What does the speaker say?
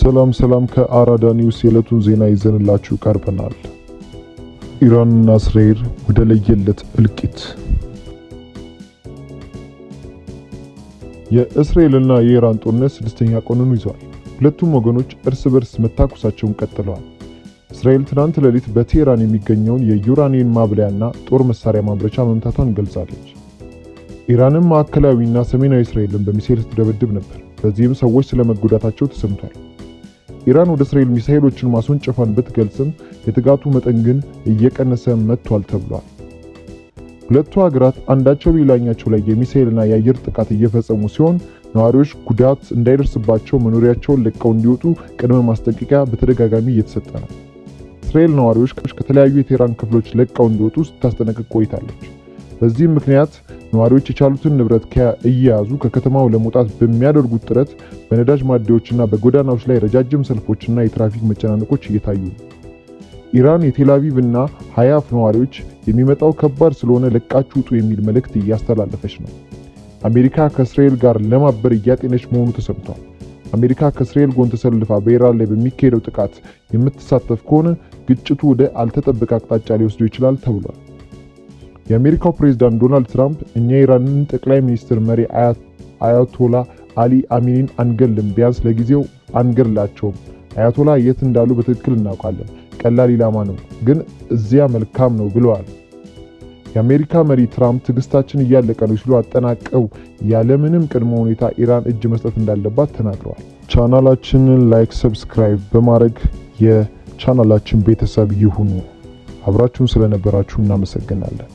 ሰላም ሰላም ከአራዳ ኒውስ የዕለቱን ዜና ይዘንላችሁ ቀርበናል። ኢራንና እስራኤል ወደ ለየለት እልቂት። የእስራኤልና የኢራን ጦርነት ስድስተኛ ቀኑን ይዟል። ሁለቱም ወገኖች እርስ በርስ መታኩሳቸውን ቀጥለዋል። እስራኤል ትናንት ሌሊት በቴህራን የሚገኘውን የዩራኒየም ማብለያና ጦር መሳሪያ ማምረቻ መምታቷን ገልጻለች። ኢራንም ማዕከላዊና ሰሜናዊ እስራኤልን በሚሳኤል ስትደበድብ ነበር። በዚህም ሰዎች ስለመጎዳታቸው ተሰምቷል። ኢራን ወደ እስራኤል ሚሳኤሎችን ማስወንጨፏን ብትገልጽም የትጋቱ መጠን ግን እየቀነሰ መጥቷል ተብሏል። ሁለቱ ሀገራት አንዳቸው በሌላኛቸው ላይ የሚሳኤልና የአየር ጥቃት እየፈጸሙ ሲሆን ነዋሪዎች ጉዳት እንዳይደርስባቸው መኖሪያቸውን ለቀው እንዲወጡ ቅድመ ማስጠንቀቂያ በተደጋጋሚ እየተሰጠ ነው። እስራኤል ነዋሪዎች ከተለያዩ የቴህራን ክፍሎች ለቀው እንዲወጡ ስታስጠነቅቅ ቆይታለች። በዚህም ምክንያት ነዋሪዎች የቻሉትን ንብረት እየያዙ ከከተማው ለመውጣት በሚያደርጉት ጥረት በነዳጅ ማደያዎችና በጎዳናዎች ላይ ረጃጅም ሰልፎችና የትራፊክ መጨናነቆች እየታዩ ነው። ኢራን የቴላቪቭ እና ሀያፍ ነዋሪዎች የሚመጣው ከባድ ስለሆነ ለቃችሁ ውጡ የሚል መልእክት እያስተላለፈች ነው። አሜሪካ ከእስራኤል ጋር ለማበር እያጤነች መሆኑ ተሰምቷል። አሜሪካ ከእስራኤል ጎን ተሰልፋ በኢራን ላይ በሚካሄደው ጥቃት የምትሳተፍ ከሆነ ግጭቱ ወደ አልተጠበቀ አቅጣጫ ሊወስደው ይችላል ተብሏል። የአሜሪካው ፕሬዝዳንት ዶናልድ ትራምፕ እኛ የኢራንን ጠቅላይ ሚኒስትር መሪ አያቶላ አሊ አሚኒን አንገልም፣ ቢያንስ ለጊዜው አንገድላቸውም። አያቶላ የት እንዳሉ በትክክል እናውቃለን፣ ቀላል ኢላማ ነው፣ ግን እዚያ መልካም ነው ብለዋል። የአሜሪካ መሪ ትራምፕ ትዕግስታችን እያለቀ ነው ሲሉ አጠናቀው ያለምንም ቅድመ ሁኔታ ኢራን እጅ መስጠት እንዳለባት ተናግረዋል። ቻናላችንን ላይክ፣ ሰብስክራይብ በማድረግ የቻናላችን ቤተሰብ ይሁኑ። አብራችሁን ስለነበራችሁ እናመሰግናለን።